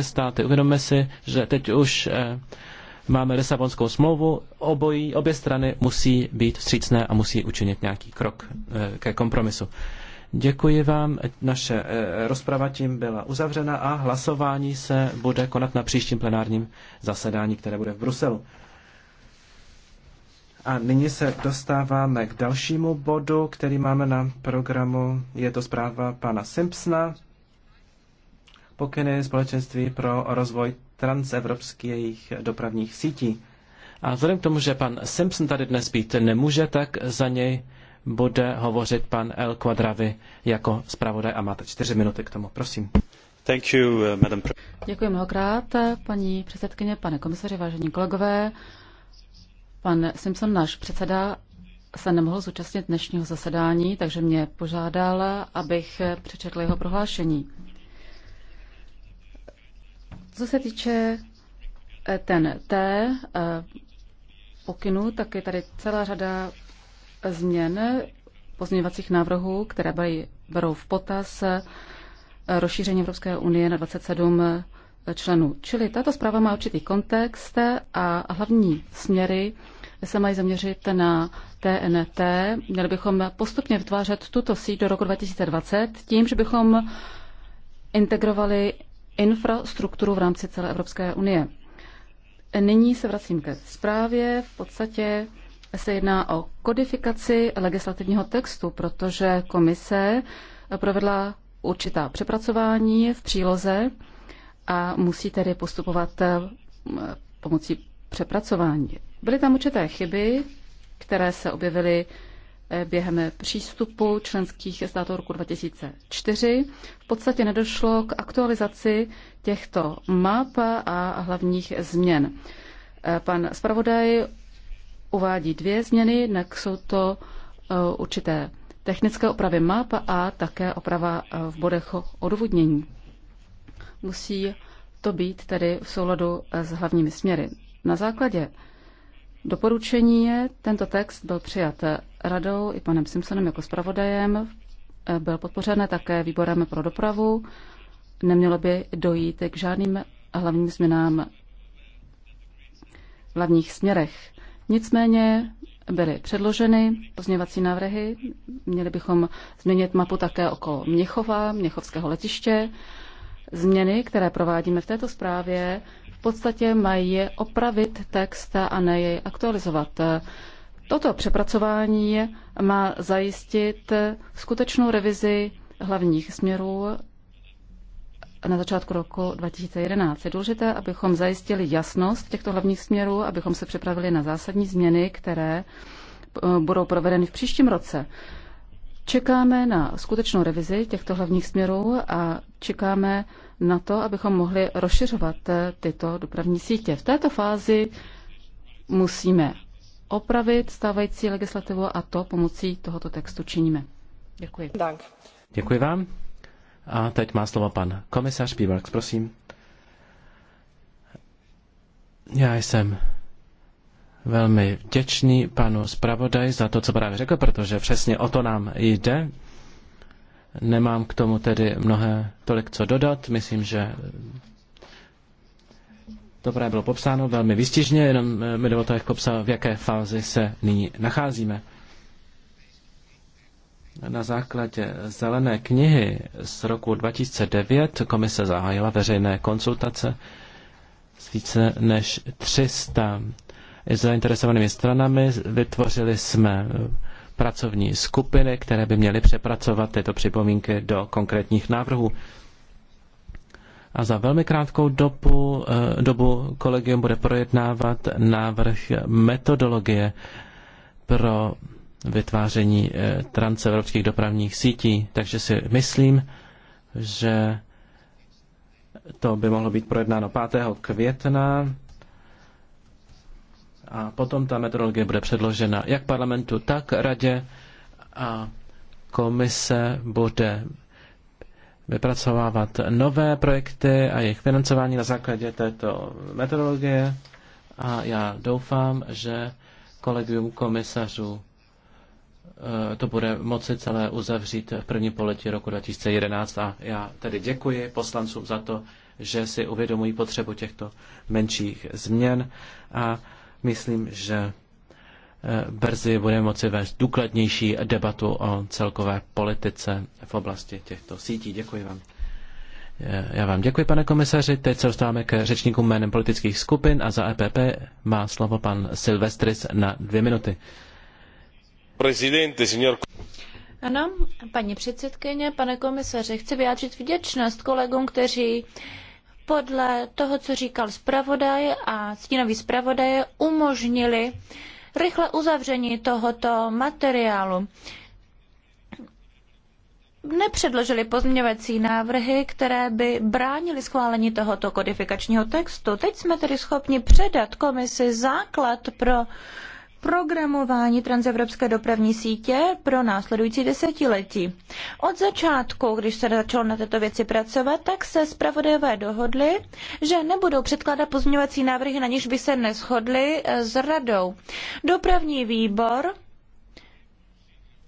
státy. Uvědomme si, že teď už eh, máme Lisabonskou smlouvu, obojí, obě strany musí být vstřícné a musí učinit nějaký krok eh, ke kompromisu. Děkuji vám, naše eh, rozprava tím byla uzavřena a hlasování se bude konat na příštím plenárním zasedání, které bude v Bruselu. A nyní se dostáváme k dalšímu bodu, který máme na programu. Je to zpráva pana Simpsona pokyny společenství pro rozvoj transevropských dopravních sítí. A vzhledem k tomu, že pan Simpson tady dnes být nemůže, tak za něj bude hovořit pan El Quadravi jako zpravodaj a máte čtyři minuty k tomu. Prosím. Thank you, uh, madam. Děkuji mnohokrát, paní předsedkyně, pane komisaři, vážení kolegové. Pan Simpson, náš předseda, se nemohl zúčastnit dnešního zasedání, takže mě požádal, abych přečetl jeho prohlášení. Co se týče eh, ten T eh, pokynu, tak je tady celá řada změn pozměňovacích návrhů, které berou v potaz eh, rozšíření Evropské unie na 27 členů. Čili tato zpráva má určitý kontext a hlavní směry se mají zaměřit na TNT. Měli bychom postupně vytvářet tuto síť do roku 2020 tím, že bychom integrovali infrastrukturu v rámci celé Evropské unie. Nyní se vracím ke zprávě. V podstatě se jedná o kodifikaci legislativního textu, protože komise provedla určitá přepracování v příloze a musí tedy postupovat mm, pomocí přepracování. Byly tam určité chyby, které se objevily Eh, během přístupu členských států roku 2004. V podstatě nedošlo k aktualizaci těchto map a hlavních změn. Eh, pan zpravodaj uvádí dvě změny, jednak jsou to eh, určité technické opravy map a také oprava v bodech odvodnění. Musí to být tedy v souladu s hlavními směry. Na základě doporučení je, tento text byl přijat radou i panem Simpsonem jako zpravodajem. Eh, Byl podpořen také výborem pro dopravu. Nemělo by dojít k žádným hlavním změnám v hlavních směrech. Nicméně byly předloženy pozměvací návrhy. Měli bychom změnit mapu také okolo Měchova, Měchovského letiště. Změny, které provádíme v této zprávě, v podstatě mají opravit text a ne jej aktualizovat. Toto přepracování má zajistit skutečnou revizi hlavních směrů na začátku roku 2011. Je důležité, abychom zajistili jasnost těchto hlavních směrů, abychom se připravili na zásadní změny, které eh, budou provedeny v příštím roce. Čekáme na skutečnou revizi těchto hlavních směrů a čekáme na to, abychom mohli rozšiřovat eh, tyto dopravní sítě. V této fázi musíme opravit stávající legislativu a to pomocí tohoto textu činíme. Děkuji. Dank. Děkuji vám. A teď má slovo pan komisař Píbarks, prosím. Já jsem velmi vděčný panu zpravodaj za to, co právě řekl, protože přesně o to nám jde. Nemám k tomu tedy mnohé tolik co dodat. Myslím, že to právě bylo popsáno velmi vystižně, jenom eh, mi dovolte, jak popsal, v jaké fázi se nyní nacházíme. Na základě zelené knihy z roku 2009 komise zahájila veřejné konsultace s více než 300 zainteresovanými stranami. Vytvořili jsme pracovní skupiny, které by měly přepracovat tyto připomínky do konkrétních návrhů a za velmi krátkou dobu, eh, dobu kolegium bude projednávat návrh metodologie pro vytváření eh, transevropských dopravních sítí. Takže si myslím, že to by mohlo být projednáno 5. května a potom ta metodologie bude předložena jak parlamentu, tak radě a komise bude vypracovávat nové projekty a jejich financování na základě této metodologie a já doufám, že kolegium komisařů eh, to bude moci celé uzavřít v první poletí roku 2011 a já tedy děkuji poslancům za to, že si uvědomují potřebu těchto menších změn a myslím, že Eh, brzy budeme moci vést důkladnější debatu o celkové politice v oblasti těchto sítí. Děkuji vám. Eh, já vám děkuji, pane komisaři. Teď se dostáváme k řečníkům jménem politických skupin a za EPP má slovo pan Silvestris na dvě minuty. Presidente, signor... Ano, paní předsedkyně, pane komisaři, chci vyjádřit vděčnost kolegům, kteří podle toho, co říkal zpravodaj a stínový zpravodaj, umožnili uh, rychle uzavření tohoto materiálu nepředložili pozměňovací návrhy, které by bránily schválení tohoto kodifikačního textu. Teď jsme tedy schopni předat komisi základ pro programování transevropské dopravní sítě pro následující desetiletí. Od začátku, když se začalo na této věci pracovat, tak se zpravodajové dohodli, že nebudou předkládat pozměňovací návrhy, na niž by se neschodli eh, s radou. Dopravní výbor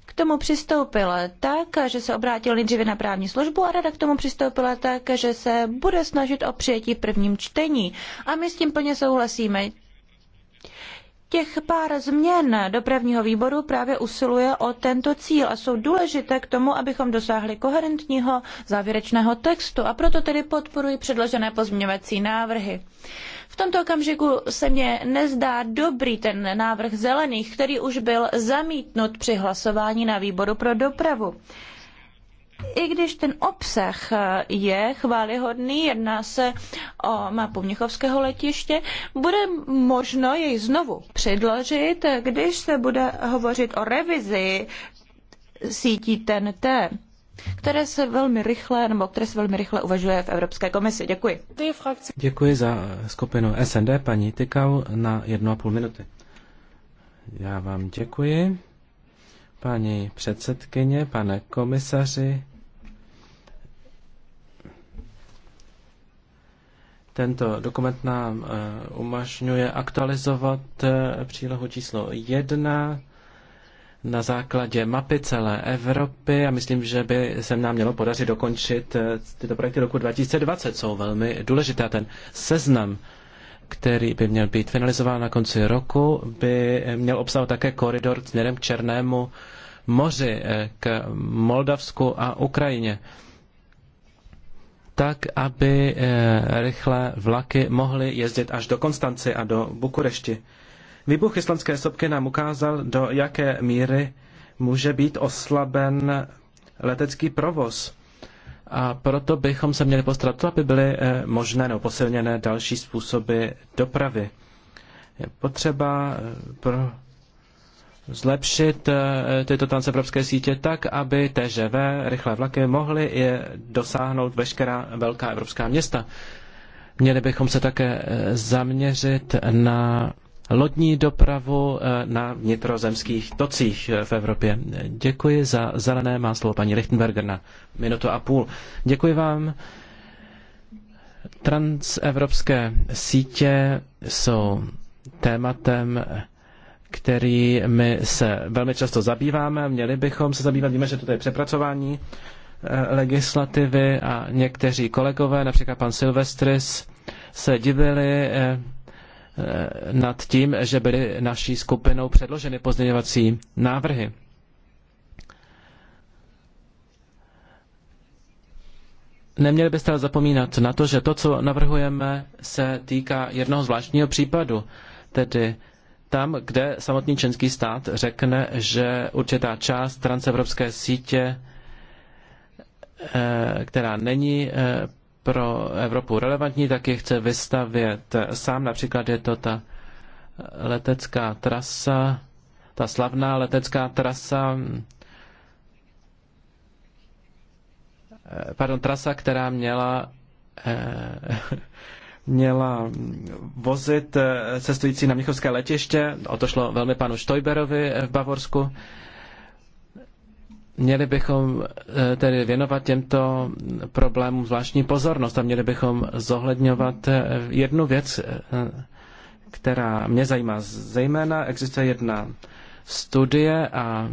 k tomu přistoupil tak, že se obrátil nejdříve na právní službu a rada k tomu přistoupila tak, že se bude snažit o přijetí v prvním čtení. A my s tím plně souhlasíme. Těch pár změn dopravního výboru právě usiluje o tento cíl a jsou důležité k tomu, abychom dosáhli koherentního závěrečného textu a proto tedy podporuji předložené pozměňovací návrhy. V tomto okamžiku se mně nezdá dobrý ten návrh zelených, který už byl zamítnut při hlasování na výboru pro dopravu i když ten obsah eh, je chválihodný, jedná se o mapu Měchovského letiště, bude možno jej znovu předložit, eh, když se bude hovořit o revizi sítí TNT, které se velmi rychle, nebo které se velmi rychle uvažuje v Evropské komisi. Děkuji. Děkuji za skupinu SND, paní Tykau, na jednu a půl minuty. Já vám děkuji. Paní předsedkyně, pane komisaři, Tento dokument nám eh, umožňuje aktualizovat eh, přílohu číslo 1 na základě mapy celé Evropy a myslím, že by se nám mělo podařit dokončit eh, tyto projekty roku 2020. Jsou velmi důležité. Ten seznam, který by měl být finalizován na konci roku, by měl obsahovat také koridor směrem k Černému moři, k Moldavsku a Ukrajině tak, aby eh, rychle vlaky mohly jezdit až do Konstanci a do Bukurešti. Výbuch islandské sopky nám ukázal, do jaké míry může být oslaben letecký provoz. A proto bychom se měli postarat to, aby byly eh, možné nebo posilněné další způsoby dopravy. Je potřeba eh, pro zlepšit eh, tyto transevropské sítě tak, aby TŽV, rychlé vlaky, mohly je dosáhnout veškerá velká evropská města. Měli bychom se také eh, zaměřit na lodní dopravu eh, na vnitrozemských tocích v Evropě. Děkuji za zelené má slovo paní Lichtenberger na minutu a půl. Děkuji vám. Transevropské sítě jsou tématem kterými se velmi často zabýváme, měli bychom se zabývat, víme, že toto je přepracování eh, legislativy a někteří kolegové, například pan Silvestris, se divili eh, eh, nad tím, že byly naší skupinou předloženy pozměňovací návrhy. Neměli byste ale zapomínat na to, že to, co navrhujeme, se týká jednoho zvláštního případu, tedy tam, kde samotný členský stát řekne, že určitá část transevropské sítě, eh, která není eh, pro Evropu relevantní, tak je chce vystavět sám. Například je to ta letecká trasa, ta slavná letecká trasa, eh, pardon, trasa, která měla měla vozit eh, cestující na Měchovské letiště. O to šlo velmi panu Štojberovi eh, v Bavorsku. Měli bychom eh, tedy věnovat těmto problémům zvláštní pozornost a měli bychom zohledňovat jednu věc, která mě zajímá. Zejména existuje jedna studie a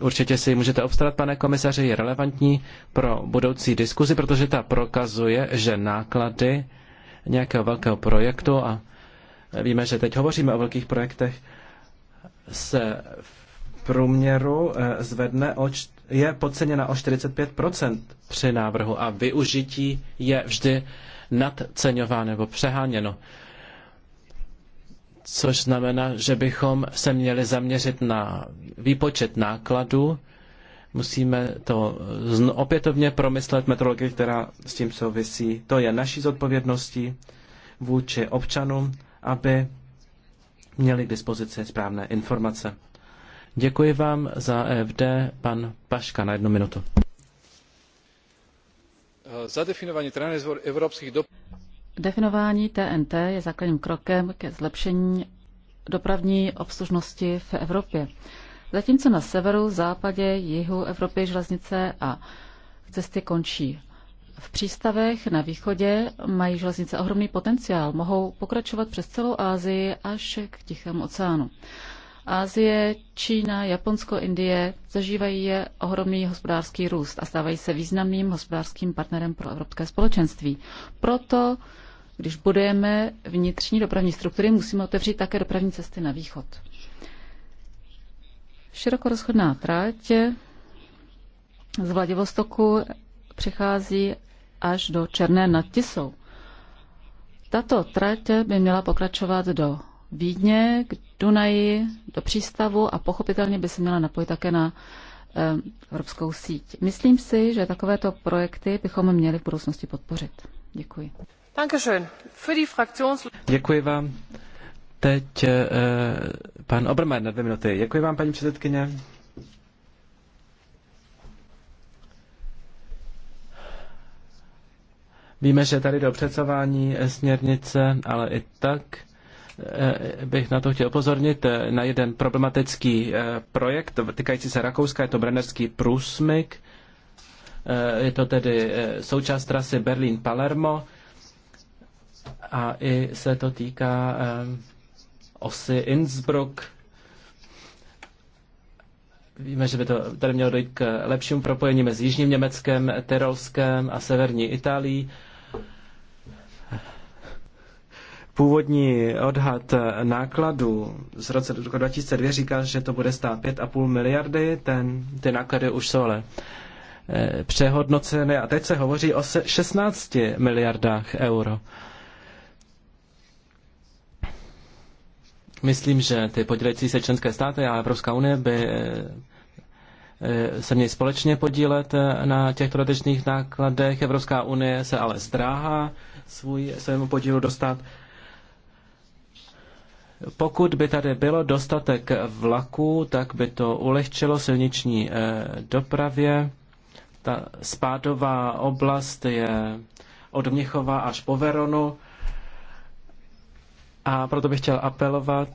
určitě si ji můžete obstarat, pane komisaři, je relevantní pro budoucí diskuzi, protože ta prokazuje, že náklady nějakého velkého projektu a víme, že teď hovoříme o velkých projektech, se v průměru eh, zvedne o, je podceněna o 45% při návrhu a využití je vždy nadceňováno nebo přeháněno. Což znamená, že bychom se měli zaměřit na výpočet nákladů, Musíme to opětovně promyslet, metrologii, která s tím souvisí. To je naší zodpovědností vůči občanům, aby měli k dispozici správné informace. Děkuji vám za EFD, pan Paška, na jednu minutu. Zadefinování evropských do... Definování TNT je základním krokem ke zlepšení dopravní obslužnosti v Evropě. Zatímco na severu, západě, jihu Evropy železnice a cesty končí v přístavech na východě mají železnice ohromný potenciál. Mohou pokračovat přes celou Asii až k Tichému oceánu. Asie, Čína, Japonsko, Indie zažívají je ohromný hospodářský růst a stávají se významným hospodářským partnerem pro evropské společenství. Proto, když budujeme vnitřní dopravní struktury, musíme otevřít také dopravní cesty na východ. Širokorozchodná trať z Vladivostoku přichází až do Černé nad Tisou. Tato trať by měla pokračovat do Vídně, k Dunaji, do přístavu a pochopitelně by se měla napojit také na evropskou síť. Myslím si, že takovéto projekty bychom měli v budoucnosti podpořit. Děkuji. Děkuji vám. Teď eh, pan Obermajer na dvě minuty. Děkuji vám, paní předsedkyně. Víme, že tady do přecování eh, směrnice, ale i tak eh, bych na to chtěl upozornit na jeden problematický projekt týkající se Rakouska, je to Brennerský průsmyk. Je to tedy součást trasy Berlín-Palermo a i se to týká osy Innsbruck. Víme, že by to tady mělo dojít k lepšímu propojení mezi Jižním Německem, Tyrolskem a Severní Itálií. Původní odhad nákladů z roku 2002 říká, že to bude stát 5,5 miliardy, ten, ty náklady už jsou ale eh, přehodnoceny a teď se hovoří o 16 miliardách euro. Myslím, že ty podílející se členské státy a Evropská unie by eh, eh, se měly společně podílet eh, na těch dodatečných nákladech. Evropská unie se ale zdráhá svůj, svému podílu dostat. Pokud by tady bylo dostatek vlaků, tak by to ulehčilo silniční dopravě. Ta spádová oblast je od Měchova až po Veronu. A proto bych chtěl apelovat,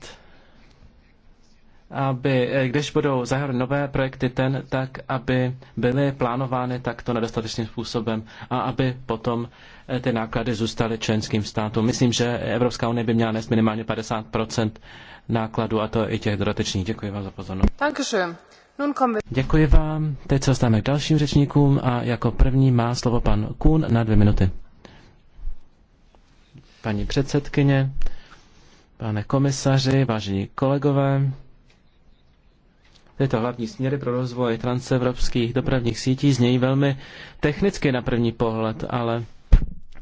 aby, eh, když budou zahájeny nové projekty ten, tak aby byly plánovány takto nedostatečným způsobem a aby potom eh, ty náklady zůstaly členským státům. Myslím, že Evropská unie by měla nést minimálně 50 nákladů a to i těch dodatečných. Děkuji vám za pozornost. Děkuji vám. Teď se dostaneme k dalším řečníkům a jako první má slovo pan Kuhn na dvě minuty. Paní předsedkyně, pane komisaři, vážení kolegové. Tyto hlavní směry pro rozvoj transevropských dopravních sítí znějí velmi technicky na první pohled, ale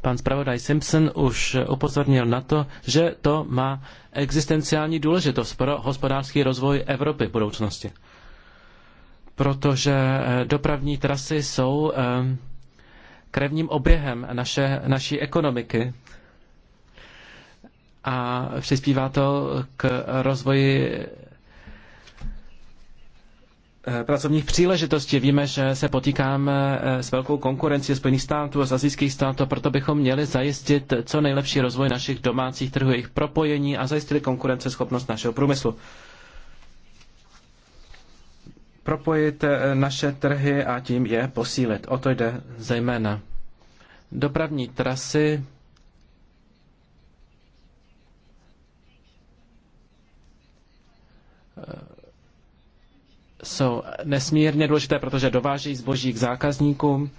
pan zpravodaj Simpson už upozornil na to, že to má existenciální důležitost pro hospodářský rozvoj Evropy v budoucnosti. Protože eh, dopravní trasy jsou eh, krevním oběhem naše, naší ekonomiky a přispívá to k rozvoji eh, pracovních příležitostí. Víme, že se potýkáme eh, s velkou konkurencí Spojených států a z států, proto bychom měli zajistit co nejlepší rozvoj našich domácích trhů, jejich propojení a zajistili konkurenceschopnost našeho průmyslu. Propojit eh, naše trhy a tím je posílit. O to jde zejména. Dopravní trasy jsou nesmírně důležité, protože dovážejí zboží k zákazníkům.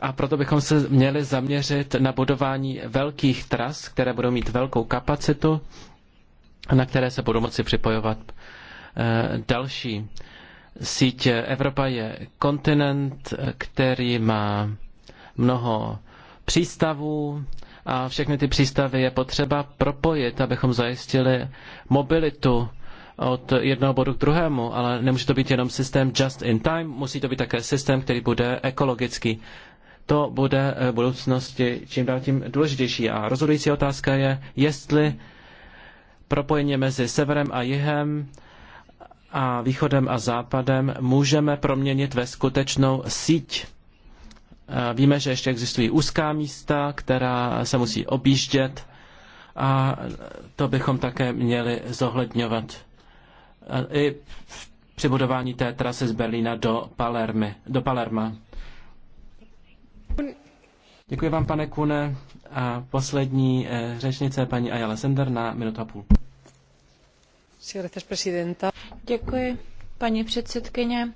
A proto bychom se měli zaměřit na budování velkých tras, které budou mít velkou kapacitu, na které se budou moci připojovat eh, další síť. Evropa je kontinent, který má mnoho přístavů a všechny ty přístavy je potřeba propojit, abychom zajistili mobilitu od jednoho bodu k druhému, ale nemůže to být jenom systém just in time, musí to být také systém, který bude ekologický. To bude eh, v budoucnosti čím dál tím důležitější. A rozhodující otázka je, jestli propojení mezi severem a jihem a východem a západem můžeme proměnit ve skutečnou síť. Eh, víme, že ještě existují úzká místa, která se musí objíždět a to bychom také měli zohledňovat i v přebudování té trasy z Berlína do, Palermy, do Palerma. Děkuji vám, pane Kune. A poslední eh, řečnice, paní Ayala Sender, na minutu a půl. Děkuji, paní předsedkyně.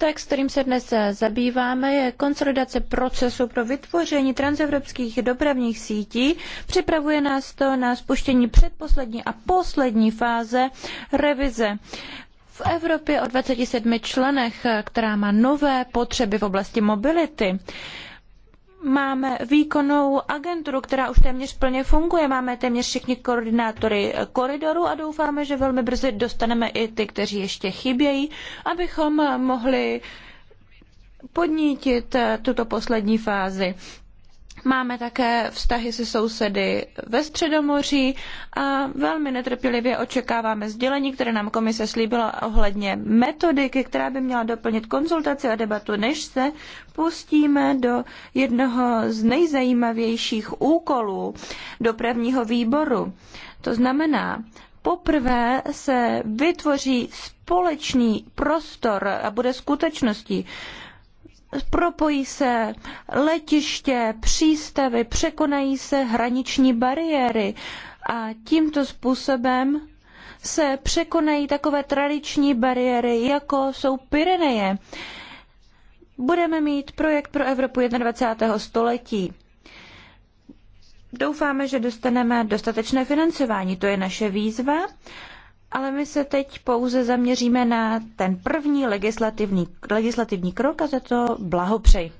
Text, kterým se dnes zabýváme, je konsolidace procesu pro vytvoření transevropských dopravních sítí. Připravuje nás to na spuštění předposlední a poslední fáze revize. V Evropě o 27 členech, která má nové potřeby v oblasti mobility. Máme výkonnou agenturu, která už téměř plně funguje. Máme téměř všichni koordinátory koridoru a doufáme, že velmi brzy dostaneme i ty, kteří ještě chybějí, abychom mohli podnítit tuto poslední fázi Máme také vztahy se sousedy ve Středomoří a velmi netrpělivě očekáváme sdělení, které nám komise slíbila ohledně metodiky, která by měla doplnit konzultaci a debatu, než se pustíme do jednoho z nejzajímavějších úkolů dopravního výboru. To znamená, poprvé se vytvoří společný prostor a bude skutečností, propojí se letiště, přístavy, překonají se hraniční bariéry a tímto způsobem se překonají takové tradiční bariéry, jako jsou Pyreneje. Budeme mít projekt pro Evropu 21. století. Doufáme, že dostaneme dostatečné financování. To je naše výzva ale my se teď pouze zaměříme na ten první legislativní, legislativní krok a za to blahopřeji.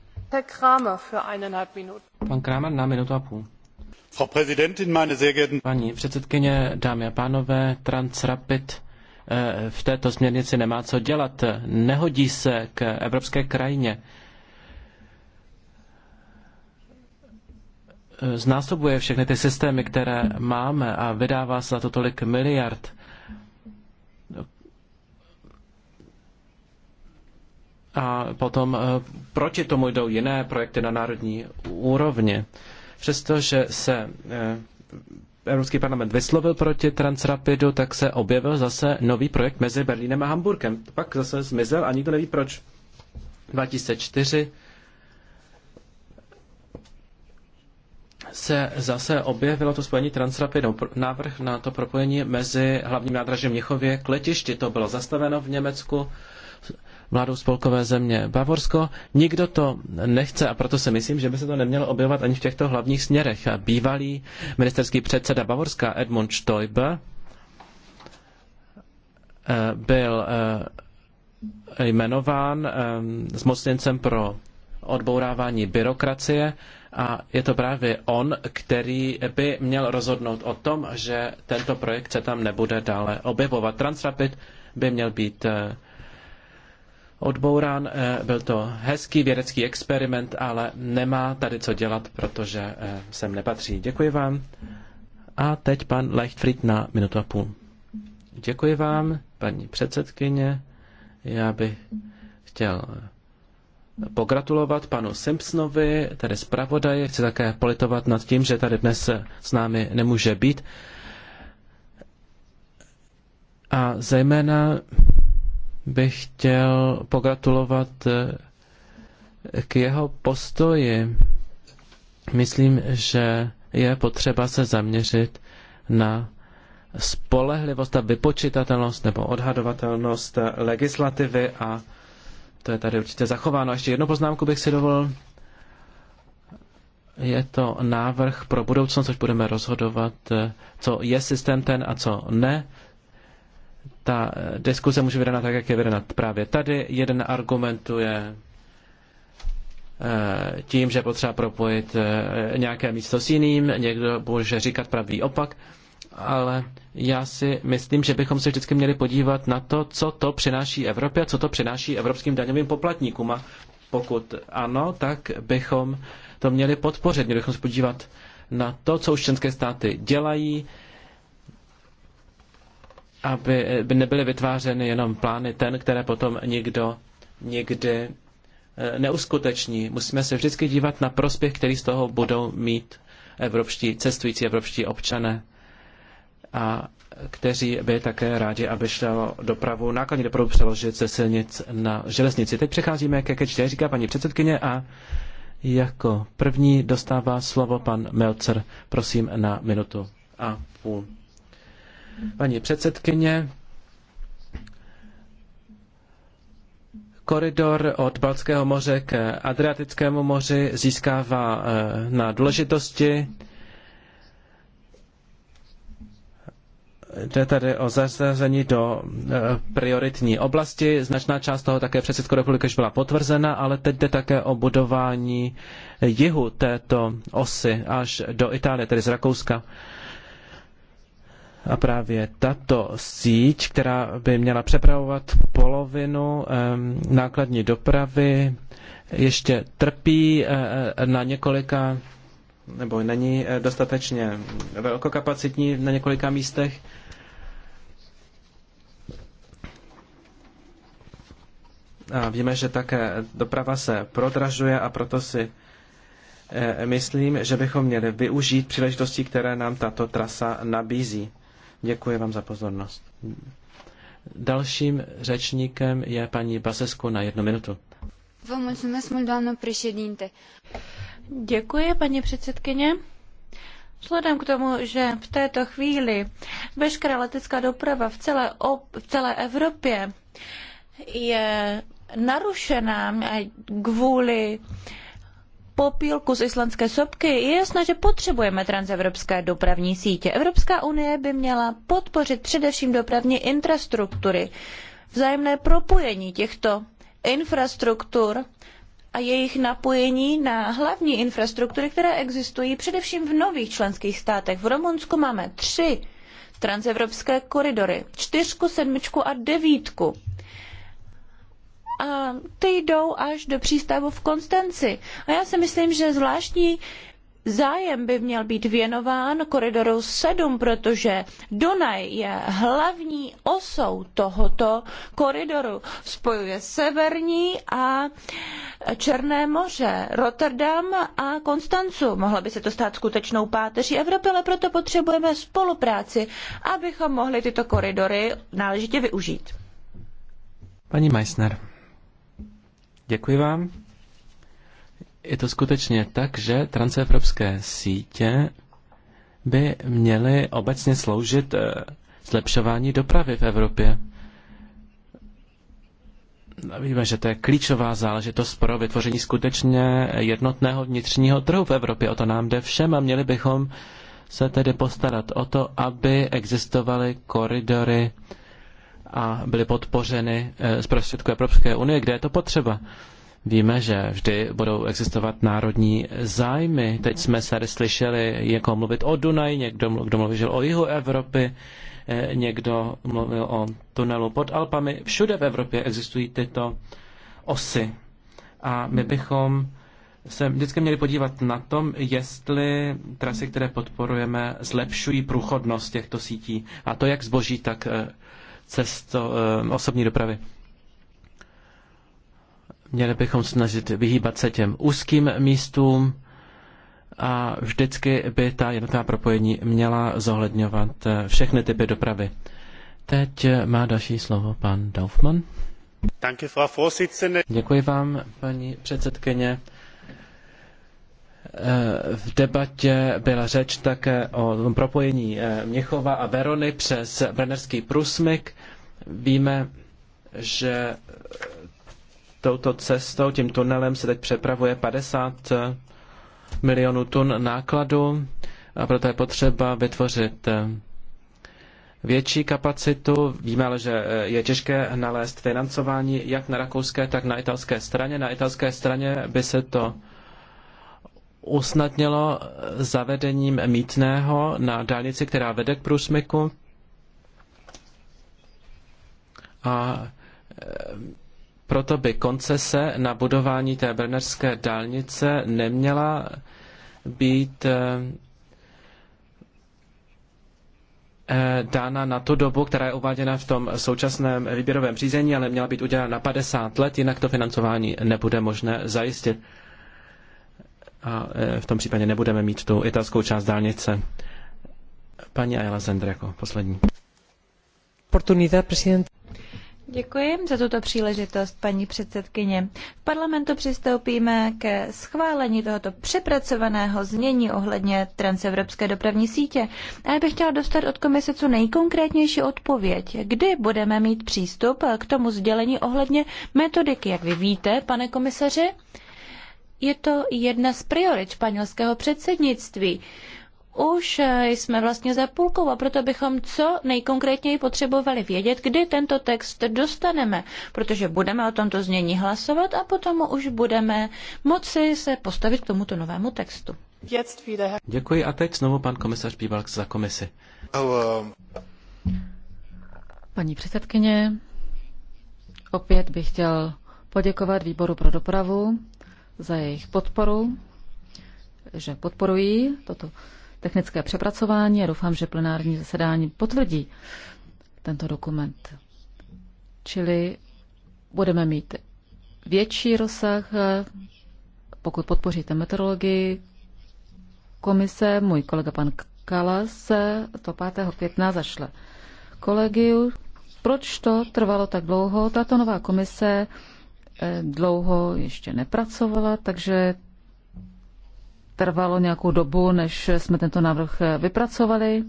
Pan Kramer na minutu a půl. Paní předsedkyně, dámy a pánové, Transrapid eh, v této směrnici nemá co dělat. Nehodí se k evropské krajině. Eh, znásobuje všechny ty systémy, které máme a vydává se za to tolik miliard A potom eh, proti tomu jdou jiné projekty na národní úrovni. Přestože se eh, Evropský parlament vyslovil proti Transrapidu, tak se objevil zase nový projekt mezi Berlínem a Hamburkem. Pak zase zmizel a nikdo neví proč. 2004 se zase objevilo to spojení Transrapidu. Návrh na to propojení mezi hlavním nádražím Měchově k letišti. To bylo zastaveno v Německu vládou spolkové země Bavorsko. Nikdo to nechce a proto si myslím, že by se to nemělo objevovat ani v těchto hlavních směrech. A bývalý ministerský předseda Bavorska Edmund Stoiber eh, byl eh, jmenován eh, zmocněncem pro odbourávání byrokracie a je to právě on, který by měl rozhodnout o tom, že tento projekt se tam nebude dále objevovat. Transrapid by měl být odbourán. Eh, byl to hezký vědecký experiment, ale nemá tady co dělat, protože eh, sem nepatří. Děkuji vám. A teď pan Leichtfried na minutu a půl. Děkuji vám, paní předsedkyně. Já bych chtěl pogratulovat panu Simpsonovi, tedy zpravodaji. Chci také politovat nad tím, že tady dnes s námi nemůže být. A zejména bych chtěl pogratulovat eh, k jeho postoji. Myslím, že je potřeba se zaměřit na spolehlivost a vypočitatelnost nebo odhadovatelnost eh, legislativy a to je tady určitě zachováno. Ještě jednu poznámku bych si dovolil. Je to návrh pro budoucnost, což budeme rozhodovat, eh, co je systém ten a co ne ta diskuze může vedena tak, jak je vedena právě tady. Jeden argumentuje eh, tím, že potřeba propojit eh, nějaké místo s jiným, někdo může říkat pravý opak, ale já si myslím, že bychom se vždycky měli podívat na to, co to přináší Evropě a co to přináší evropským daňovým poplatníkům. A pokud ano, tak bychom to měli podpořit. Měli bychom se podívat na to, co už členské státy dělají, aby nebyly vytvářeny jenom plány ten, které potom někdo nikdy eh, neuskuteční. Musíme se vždycky dívat na prospěch, který z toho budou mít evropští cestující, evropští občané a kteří by také rádi, aby šlo dopravu, nákladní dopravu přeložit ze silnic na železnici. Teď přecházíme ke čtyři, říká paní předsedkyně a jako první dostává slovo pan Melcer, prosím na minutu a půl paní předsedkyně. Koridor od Balckého moře k Adriatickému moři získává eh, na důležitosti. Jde tady o zařazení do eh, prioritní oblasti. Značná část toho také předsedkou republiky už byla potvrzena, ale teď jde také o budování jihu této osy až do Itálie, tedy z Rakouska. A právě tato síť, která by měla přepravovat polovinu nákladní dopravy, ještě trpí eh, eh, na několika nebo není eh, dostatečně velkokapacitní na několika místech. A víme, že také doprava se prodražuje a proto si myslím, že bychom měli využít příležitosti, které nám tato trasa nabízí. Děkuji vám za pozornost. Dalším řečníkem je paní Basesko na jednu minutu. Děkuji, paní předsedkyně. Vzhledem k tomu, že v této chvíli veškerá letecká doprava v celé, v celé Evropě je narušená kvůli uh, popílku z islandské sopky, je jasné, že potřebujeme transevropské dopravní sítě. Evropská unie by měla podpořit především dopravní infrastruktury, vzájemné propojení těchto infrastruktur a jejich napojení na hlavní infrastruktury, které existují především v nových členských státech. V Rumunsku máme tři transevropské koridory, čtyřku, sedmičku a devítku a ty jdou až do přístavu v Konstanci. A já si myslím, že zvláštní zájem by měl být věnován koridoru 7, protože Dunaj je hlavní osou tohoto koridoru. Spojuje severní a Černé moře, Rotterdam a Konstancu. Mohlo by se to stát skutečnou páteří Evropy, ale proto potřebujeme spolupráci, abychom mohli tyto koridory náležitě využít. Paní Meissner. Děkuji vám. Je to skutečně tak, že transevropské sítě by měly obecně sloužit eh, zlepšování dopravy v Evropě. No, víme, že to je klíčová záležitost pro vytvoření skutečně jednotného vnitřního trhu v Evropě. O to nám jde všem a měli bychom se tedy postarat o to, aby existovaly koridory a byly podpořeny eh, z prostředku Evropské unie, kde je to potřeba. Víme, že vždy budou existovat národní zájmy. Teď jsme tady slyšeli jako mluvit o Dunaji, někdo, kdo mluvil o jihu Evropy, eh, někdo mluvil o tunelu pod Alpami. Všude v Evropě existují tyto osy. A my bychom se vždycky měli podívat na tom, jestli trasy, které podporujeme, zlepšují průchodnost těchto sítí. A to jak zboží, tak eh, cesto, eh, osobní dopravy. Měli bychom snažit vyhýbat se těm úzkým místům a vždycky by ta jednotná propojení měla zohledňovat eh, všechny typy dopravy. Teď eh, má další slovo pan Daufman. Děkuji vám, paní předsedkyně v debatě byla řeč také o propojení eh, Měchova a Verony přes Brnerský průsmyk. Víme, že eh, touto cestou, tím tunelem se teď přepravuje 50 eh, milionů tun nákladu a proto je potřeba vytvořit větší kapacitu. Víme ale, že je těžké nalézt financování jak na rakouské, tak na italské straně. Na italské straně by se to usnadnilo zavedením mítného na dálnici, která vede k průsmyku. A e, proto by koncese na budování té brnerské dálnice neměla být e, e, dána na tu dobu, která je uváděna v tom současném výběrovém řízení, ale měla být udělána na 50 let, jinak to financování nebude možné zajistit a e, v tom případě nebudeme mít tu italskou část dálnice. Paní Ayala Zender jako poslední. Děkuji za tuto příležitost, paní předsedkyně. V parlamentu přistoupíme ke schválení tohoto přepracovaného znění ohledně transevropské dopravní sítě. A já bych chtěla dostat od komise co nejkonkrétnější odpověď. Kdy budeme mít přístup k tomu sdělení ohledně metodiky, jak vy víte, pane komisaři? je to jedna z priorit španělského předsednictví. Už eh, jsme vlastně za půlkou a proto bychom co nejkonkrétněji potřebovali vědět, kdy tento text dostaneme, protože budeme o tomto znění hlasovat a potom už budeme moci se postavit k tomuto novému textu. Děkuji a teď znovu pan komisař Píbalk za komisi. Paní předsedkyně, opět bych chtěl poděkovat výboru pro dopravu za jejich podporu, že podporují toto technické přepracování a doufám, že plenární zasedání potvrdí tento dokument. Čili budeme mít větší rozsah, pokud podpoříte meteorologii komise, můj kolega pan Kalas to 5. května zašle kolegiu. Proč to trvalo tak dlouho? Tato nová komise Eh, dlouho ještě nepracovala, takže trvalo nějakou dobu, než jsme tento návrh eh, vypracovali.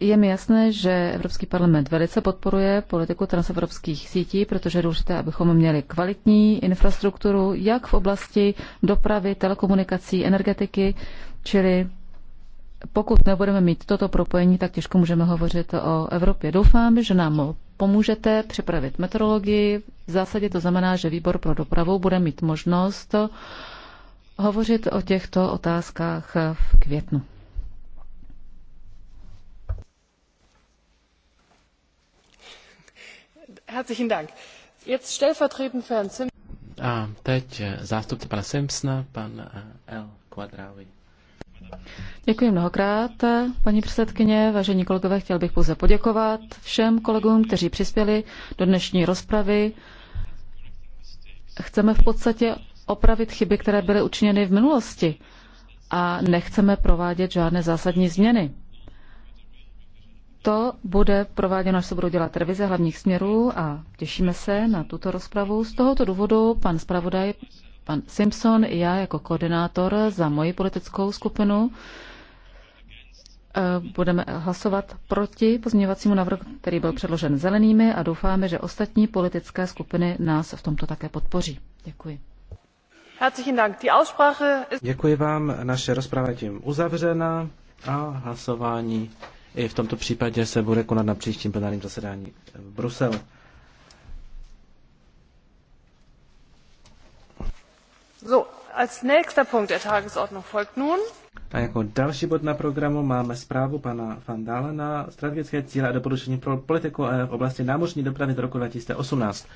Je mi jasné, že Evropský parlament velice podporuje politiku transevropských sítí, protože je důležité, abychom měli kvalitní infrastrukturu, jak v oblasti dopravy, telekomunikací, energetiky, čili pokud nebudeme mít toto propojení, tak těžko můžeme hovořit o Evropě. Doufám, že nám pomůžete připravit meteorologii. V zásadě to znamená, že výbor pro dopravu bude mít možnost hovořit o těchto otázkách v květnu. Herzlichen Dank. Jetzt stellvertretend für Herrn Sim. A teď zástupce pana Simpsona, pan L. Quadrawi. Děkuji mnohokrát, paní předsedkyně. Vážení kolegové, chtěl bych pouze poděkovat všem kolegům, kteří přispěli do dnešní rozpravy. Chceme v podstatě opravit chyby, které byly učiněny v minulosti a nechceme provádět žádné zásadní změny. To bude prováděno, až se budou dělat revize hlavních směrů a těšíme se na tuto rozpravu. Z tohoto důvodu pan zpravodaj pan Simpson i já jako koordinátor za moji politickou skupinu eh, budeme hlasovat proti pozměňovacímu návrhu, který byl předložen zelenými a doufáme, že ostatní politické skupiny nás v tomto také podpoří. Děkuji. Děkuji vám, naše rozprava je tím uzavřena a hlasování i v tomto případě se bude konat na příštím plenárním zasedání v Bruselu. So, als nächster Punkt der Tagesordnung folgt nun. A jako další bod na programu máme zprávu pana Van Dalena, strategické cíle a doporučení pro politiku eh, v oblasti námořní dopravy do roku 2018.